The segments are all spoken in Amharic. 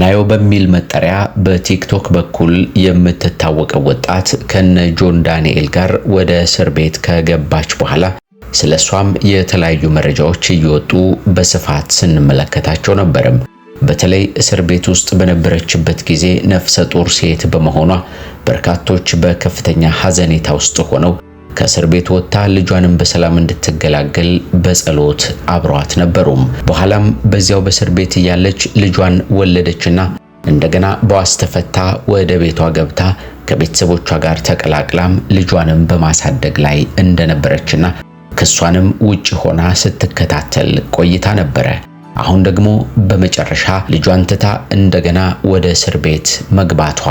ናዮ በሚል መጠሪያ በቲክቶክ በኩል የምትታወቀው ወጣት ከነ ጆን ዳንኤል ጋር ወደ እስር ቤት ከገባች በኋላ ስለ እሷም የተለያዩ መረጃዎች እየወጡ በስፋት ስንመለከታቸው ነበርም። በተለይ እስር ቤት ውስጥ በነበረችበት ጊዜ ነፍሰ ጡር ሴት በመሆኗ በርካቶች በከፍተኛ ሐዘኔታ ውስጥ ሆነው ከእስር ቤት ወጥታ ልጇንም በሰላም እንድትገላገል በጸሎት አብረዋት ነበሩም። በኋላም በዚያው በእስር ቤት እያለች ልጇን ወለደችና እንደገና በዋስ ተፈታ ወደ ቤቷ ገብታ ከቤተሰቦቿ ጋር ተቀላቅላም ልጇንም በማሳደግ ላይ እንደነበረችና ክሷንም ውጭ ሆና ስትከታተል ቆይታ ነበረ። አሁን ደግሞ በመጨረሻ ልጇን ትታ እንደገና ወደ እስር ቤት መግባቷ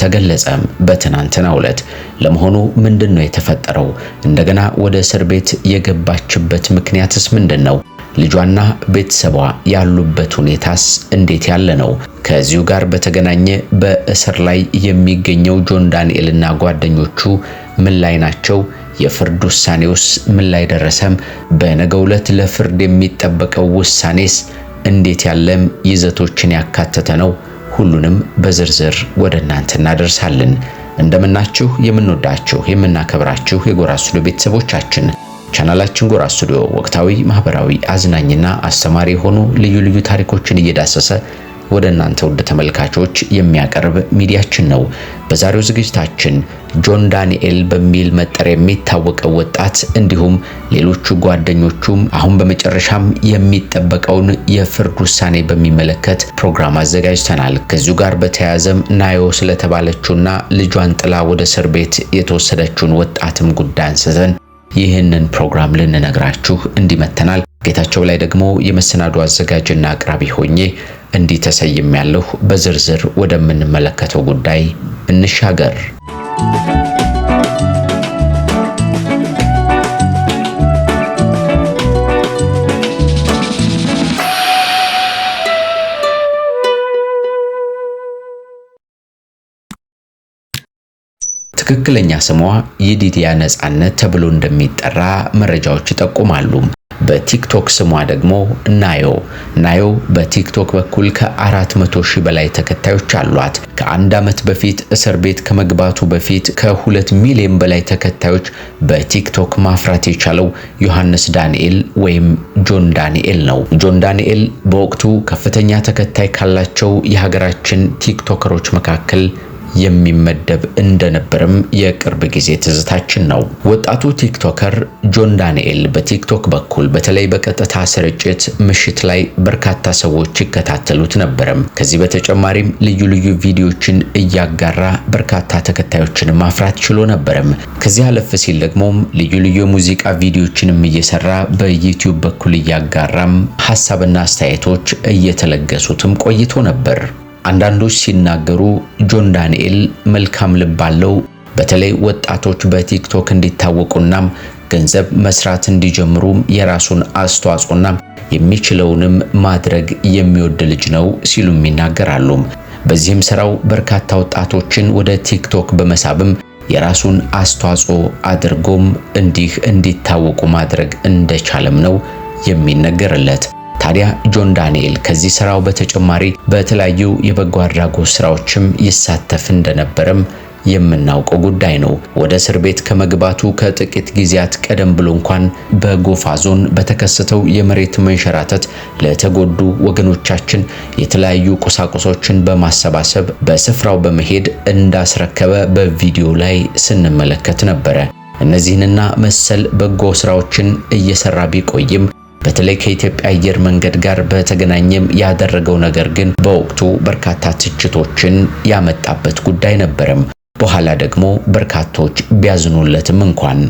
ተገለጸም በትናንትናው ዕለት። ለመሆኑ ምንድን ነው የተፈጠረው? እንደገና ወደ እስር ቤት የገባችበት ምክንያትስ ምንድን ነው? ልጇና ቤተሰቧ ያሉበት ሁኔታስ እንዴት ያለ ነው? ከዚሁ ጋር በተገናኘ በእስር ላይ የሚገኘው ጆን ዳንኤልና ጓደኞቹ ምን ላይ ናቸው? የፍርድ ውሳኔውስ ምን ላይ ደረሰም? በነገው ዕለት ለፍርድ የሚጠበቀው ውሳኔስ እንዴት ያለም ይዘቶችን ያካተተ ነው? ሁሉንም በዝርዝር ወደ እናንተ እናደርሳለን። እንደምናችሁ የምንወዳችሁ የምናከብራችሁ የጎራ ስቱዲዮ ቤተሰቦቻችን ቻናላችን ጎራ ስቱዲዮ ወቅታዊ፣ ማህበራዊ፣ አዝናኝና አስተማሪ የሆኑ ልዩ ልዩ ታሪኮችን እየዳሰሰ ወደ እናንተ ውድ ተመልካቾች የሚያቀርብ ሚዲያችን ነው። በዛሬው ዝግጅታችን ጆን ዳንኤል በሚል መጠሪያ የሚታወቀው ወጣት እንዲሁም ሌሎቹ ጓደኞቹም አሁን በመጨረሻም የሚጠበቀውን የፍርድ ውሳኔ በሚመለከት ፕሮግራም አዘጋጅተናል። ከዚሁ ጋር በተያያዘም ናዮ ስለተባለችውና ልጇን ጥላ ወደ እስር ቤት የተወሰደችውን ወጣትም ጉዳይ አንስተን ይህንን ፕሮግራም ልንነግራችሁ እንዲመተናል። ጌታቸው ላይ ደግሞ የመሰናዱ አዘጋጅና አቅራቢ ሆኜ እንዲህ ተሰይም ያለሁ። በዝርዝር ወደምንመለከተው ጉዳይ እንሻገር። ትክክለኛ ስሟ የዲዲያ ነጻነት ተብሎ እንደሚጠራ መረጃዎች ይጠቁማሉ። በቲክቶክ ስሟ ደግሞ ናዮ ናዮ በቲክቶክ በኩል ከ መቶ ሺህ በላይ ተከታዮች አሏት። ከአንድ ዓመት በፊት እስር ቤት ከመግባቱ በፊት ከሁለት ሚሊዮን በላይ ተከታዮች በቲክቶክ ማፍራት የቻለው ዮሐንስ ዳንኤል ወይም ጆን ዳንኤል ነው። ጆን ዳንኤል በወቅቱ ከፍተኛ ተከታይ ካላቸው የሀገራችን ቲክቶከሮች መካከል የሚመደብ እንደነበርም የቅርብ ጊዜ ትዝታችን ነው። ወጣቱ ቲክቶከር ጆን ዳንኤል በቲክቶክ በኩል በተለይ በቀጥታ ስርጭት ምሽት ላይ በርካታ ሰዎች ይከታተሉት ነበርም። ከዚህ በተጨማሪም ልዩ ልዩ ቪዲዮችን እያጋራ በርካታ ተከታዮችን ማፍራት ችሎ ነበርም። ከዚህ አለፍ ሲል ደግሞም ልዩ ልዩ የሙዚቃ ቪዲዮችንም እየሰራ በዩቲዩብ በኩል እያጋራም ሀሳብና አስተያየቶች እየተለገሱትም ቆይቶ ነበር። አንዳንዶች ሲናገሩ ጆን ዳንኤል መልካም ልብ አለው። በተለይ ወጣቶች በቲክቶክ እንዲታወቁናም ገንዘብ መስራት እንዲጀምሩም የራሱን አስተዋጽኦና የሚችለውንም ማድረግ የሚወድ ልጅ ነው ሲሉም ይናገራሉ። በዚህም ስራው በርካታ ወጣቶችን ወደ ቲክቶክ በመሳብም የራሱን አስተዋጽኦ አድርጎም እንዲህ እንዲታወቁ ማድረግ እንደቻለም ነው የሚነገርለት። ታዲያ ጆን ዳንኤል ከዚህ ስራው በተጨማሪ በተለያዩ የበጎ አድራጎት ስራዎችም ይሳተፍ እንደነበረም የምናውቀው ጉዳይ ነው። ወደ እስር ቤት ከመግባቱ ከጥቂት ጊዜያት ቀደም ብሎ እንኳን በጎፋ ዞን በተከሰተው የመሬት መንሸራተት ለተጎዱ ወገኖቻችን የተለያዩ ቁሳቁሶችን በማሰባሰብ በስፍራው በመሄድ እንዳስረከበ በቪዲዮ ላይ ስንመለከት ነበረ። እነዚህንና መሰል በጎ ስራዎችን እየሰራ ቢቆይም በተለይ ከኢትዮጵያ አየር መንገድ ጋር በተገናኘም ያደረገው ነገር ግን በወቅቱ በርካታ ትችቶችን ያመጣበት ጉዳይ ነበርም። በኋላ ደግሞ በርካቶች ቢያዝኑለትም እንኳን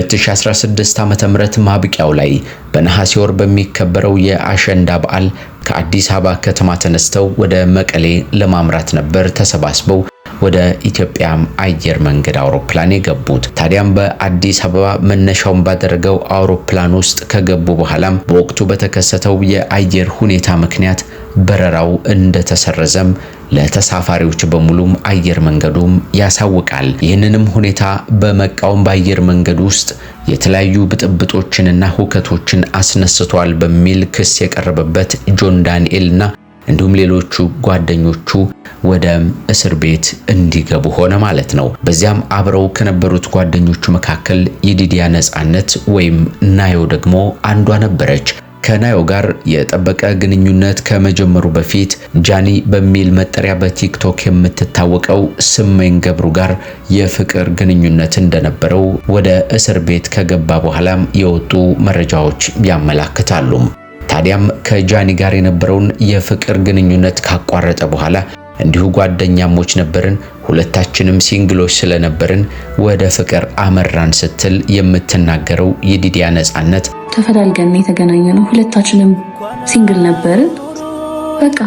በ2016 ዓመተ ምህረት ማብቂያው ላይ በነሐሴ ወር በሚከበረው የአሸንዳ በዓል ከአዲስ አበባ ከተማ ተነስተው ወደ መቀሌ ለማምራት ነበር ተሰባስበው ወደ ኢትዮጵያ አየር መንገድ አውሮፕላን የገቡት። ታዲያም በአዲስ አበባ መነሻውን ባደረገው አውሮፕላን ውስጥ ከገቡ በኋላም በወቅቱ በተከሰተው የአየር ሁኔታ ምክንያት በረራው እንደተሰረዘም ለተሳፋሪዎች በሙሉም አየር መንገዱም ያሳውቃል። ይህንንም ሁኔታ በመቃወም በአየር መንገድ ውስጥ የተለያዩ ብጥብጦችንና ሁከቶችን አስነስቷል በሚል ክስ የቀረበበት ጆን ዳንኤልና እንዲሁም ሌሎቹ ጓደኞቹ ወደ እስር ቤት እንዲገቡ ሆነ ማለት ነው። በዚያም አብረው ከነበሩት ጓደኞቹ መካከል የዲዲያ ነጻነት ወይም ናዮ ደግሞ አንዷ ነበረች። ከናዮ ጋር የጠበቀ ግንኙነት ከመጀመሩ በፊት ጃኒ በሚል መጠሪያ በቲክቶክ የምትታወቀው ስመኝ ገብሩ ጋር የፍቅር ግንኙነት እንደነበረው ወደ እስር ቤት ከገባ በኋላም የወጡ መረጃዎች ያመላክታሉ። ታዲያም ከጃኒ ጋር የነበረውን የፍቅር ግንኙነት ካቋረጠ በኋላ እንዲሁ ጓደኛሞች ነበርን፣ ሁለታችንም ሲንግሎች ስለነበርን ወደ ፍቅር አመራን ስትል የምትናገረው የዲዲያ ነጻነት ተፈላልገን የተገናኘ ነው፣ ሁለታችንም ሲንግል ነበርን፣ በቃ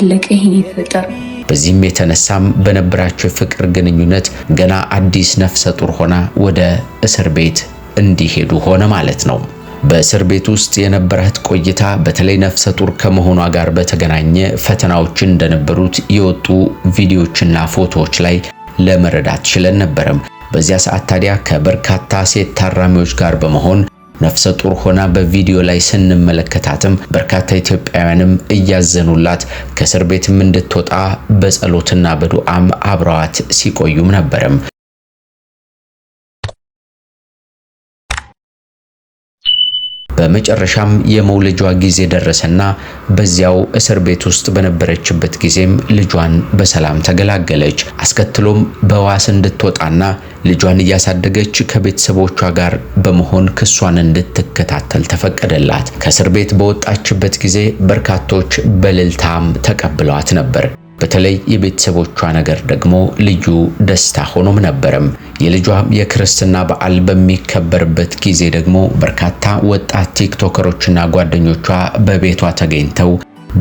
አለቀ። ይሄን የተፈጠረ በዚህም የተነሳም በነበራቸው የፍቅር ግንኙነት ገና አዲስ ነፍሰ ጡር ሆና ወደ እስር ቤት እንዲሄዱ ሆነ ማለት ነው። በእስር ቤት ውስጥ የነበራት ቆይታ በተለይ ነፍሰ ጡር ከመሆኗ ጋር በተገናኘ ፈተናዎች እንደነበሩት የወጡ ቪዲዮዎችና ፎቶዎች ላይ ለመረዳት ችለን ነበረም። በዚያ ሰዓት ታዲያ ከበርካታ ሴት ታራሚዎች ጋር በመሆን ነፍሰ ጡር ሆና በቪዲዮ ላይ ስንመለከታትም በርካታ ኢትዮጵያውያንም እያዘኑላት ከእስር ቤትም እንድትወጣ በጸሎትና በዱዓም አብረዋት ሲቆዩም ነበረም። በመጨረሻም የመውለጇ ጊዜ ደረሰና በዚያው እስር ቤት ውስጥ በነበረችበት ጊዜም ልጇን በሰላም ተገላገለች። አስከትሎም በዋስ እንድትወጣና ልጇን እያሳደገች ከቤተሰቦቿ ጋር በመሆን ክሷን እንድትከታተል ተፈቀደላት። ከእስር ቤት በወጣችበት ጊዜ በርካቶች በልልታም ተቀብለዋት ነበር። በተለይ የቤተሰቦቿ ነገር ደግሞ ልዩ ደስታ ሆኖም ነበረም። የልጇ የክርስትና በዓል በሚከበርበት ጊዜ ደግሞ በርካታ ወጣት ቲክቶከሮችና ጓደኞቿ በቤቷ ተገኝተው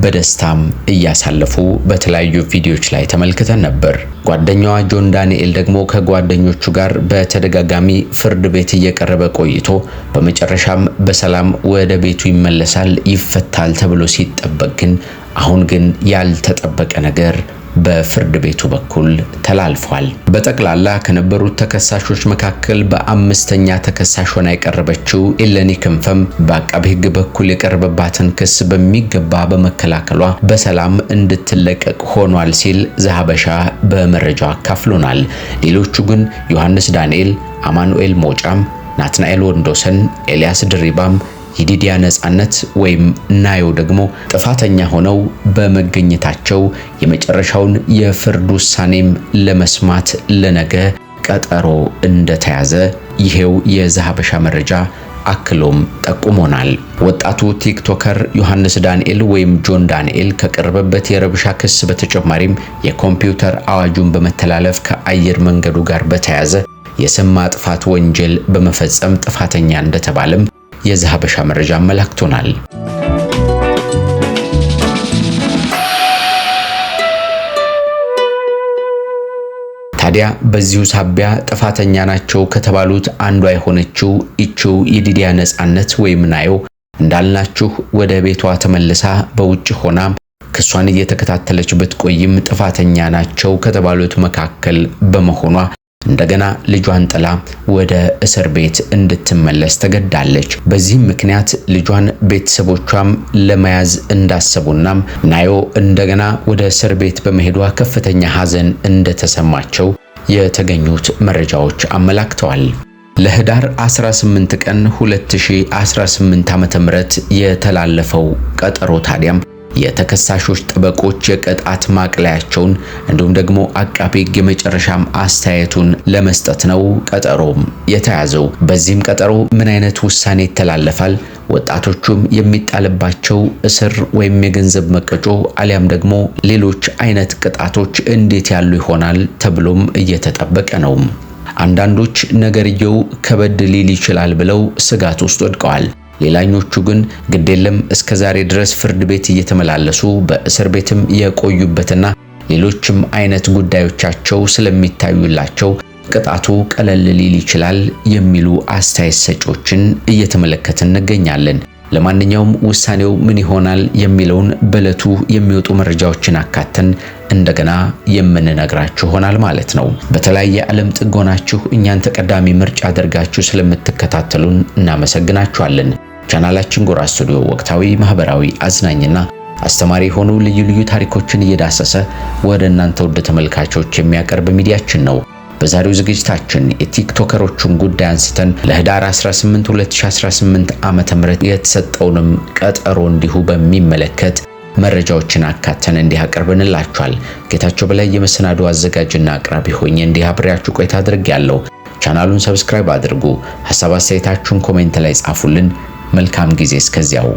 በደስታም እያሳለፉ በተለያዩ ቪዲዮዎች ላይ ተመልክተን ነበር። ጓደኛዋ ጆን ዳንኤል ደግሞ ከጓደኞቹ ጋር በተደጋጋሚ ፍርድ ቤት እየቀረበ ቆይቶ በመጨረሻም በሰላም ወደ ቤቱ ይመለሳል፣ ይፈታል ተብሎ ሲጠበቅ ግን አሁን ግን ያልተጠበቀ ነገር በፍርድ ቤቱ በኩል ተላልፏል። በጠቅላላ ከነበሩት ተከሳሾች መካከል በአምስተኛ ተከሳሽ ሆና የቀረበችው ኤለኒ ክንፈም በአቃቤ ሕግ በኩል የቀረበባትን ክስ በሚገባ በመከላከሏ በሰላም እንድትለቀቅ ሆኗል ሲል ዘሀበሻ በመረጃው አካፍሎናል። ሌሎቹ ግን ዮሐንስ ዳንኤል፣ አማኑኤል ሞጫም፣ ናትናኤል ወንዶሰን፣ ኤልያስ ድሪባም የዲዲያ ነጻነት ወይም ናዮ ደግሞ ጥፋተኛ ሆነው በመገኘታቸው የመጨረሻውን የፍርድ ውሳኔም ለመስማት ለነገ ቀጠሮ እንደተያዘ ይሄው የዘሀበሻ መረጃ አክሎም ጠቁሞናል። ወጣቱ ቲክቶከር ዮሐንስ ዳንኤል ወይም ጆን ዳንኤል ከቀረበበት የረብሻ ክስ በተጨማሪም የኮምፒውተር አዋጁን በመተላለፍ ከአየር መንገዱ ጋር በተያያዘ የስም ማጥፋት ወንጀል በመፈጸም ጥፋተኛ እንደተባለም ሀበሻ መረጃ አመላክቶናል። ታዲያ በዚሁ ሳቢያ ጥፋተኛ ናቸው ከተባሉት አንዷ የሆነችው ይቺው የዲዲያ ነጻነት ወይም ናዮ እንዳልናችሁ ወደ ቤቷ ተመልሳ በውጭ ሆና ክሷን እየተከታተለች ብትቆይም ጥፋተኛ ናቸው ከተባሉት መካከል በመሆኗ እንደገና ልጇን ጥላ ወደ እስር ቤት እንድትመለስ ተገዳለች። በዚህም ምክንያት ልጇን ቤተሰቦቿም ለመያዝ እንዳሰቡና ናዮ እንደገና ወደ እስር ቤት በመሄዷ ከፍተኛ ሐዘን እንደተሰማቸው የተገኙት መረጃዎች አመላክተዋል። ለህዳር 18 ቀን 2018 ዓ.ም የተላለፈው ቀጠሮ ታዲያም የተከሳሾች ጠበቆች የቅጣት ማቅለያቸውን እንዲሁም ደግሞ አቃቤ ሕግ የመጨረሻም አስተያየቱን ለመስጠት ነው ቀጠሮም የተያዘው። በዚህም ቀጠሮ ምን አይነት ውሳኔ ይተላለፋል? ወጣቶቹም የሚጣልባቸው እስር ወይም የገንዘብ መቀጮ አሊያም ደግሞ ሌሎች አይነት ቅጣቶች እንዴት ያሉ ይሆናል ተብሎም እየተጠበቀ ነው። አንዳንዶች ነገርየው ከበድ ሊል ይችላል ብለው ስጋት ውስጥ ወድቀዋል። ሌላኞቹ ግን ግዴለም እስከ ዛሬ ድረስ ፍርድ ቤት እየተመላለሱ በእስር ቤትም የቆዩበትና ሌሎችም አይነት ጉዳዮቻቸው ስለሚታዩላቸው ቅጣቱ ቀለል ሊል ይችላል የሚሉ አስተያየት ሰጪዎችን እየተመለከትን እንገኛለን። ለማንኛውም ውሳኔው ምን ይሆናል የሚለውን በእለቱ የሚወጡ መረጃዎችን አካተን እንደገና የምንነግራችሁ ይሆናል ማለት ነው። በተለያየ ዓለም ጥግ ሆናችሁ እኛን ተቀዳሚ ምርጫ አድርጋችሁ ስለምትከታተሉን እናመሰግናችኋለን። ቻናላችን ጎራ ስቱዲዮ ወቅታዊ፣ ማህበራዊ፣ አዝናኝና አስተማሪ የሆኑ ልዩ ልዩ ታሪኮችን እየዳሰሰ ወደ እናንተ ውድ ተመልካቾች የሚያቀርብ ሚዲያችን ነው። በዛሬው ዝግጅታችን የቲክቶከሮቹን ጉዳይ አንስተን ለህዳር 18 2018 ዓመተ ምህረት የተሰጠውንም ቀጠሮ እንዲሁ በሚመለከት መረጃዎችን አካተን እንዲህ አቅርበንላችኋል። ጌታቸው በላይ የመሰናዶ አዘጋጅና አቅራቢ ሆኜ እንዲህ አብሬያችሁ ቆይታ አድርጌያለሁ። ቻናሉን ሰብስክራይብ አድርጉ። ሀሳብ አስተያየታችሁን ኮሜንት ላይ ጻፉልን። መልካም ጊዜ እስከዚያው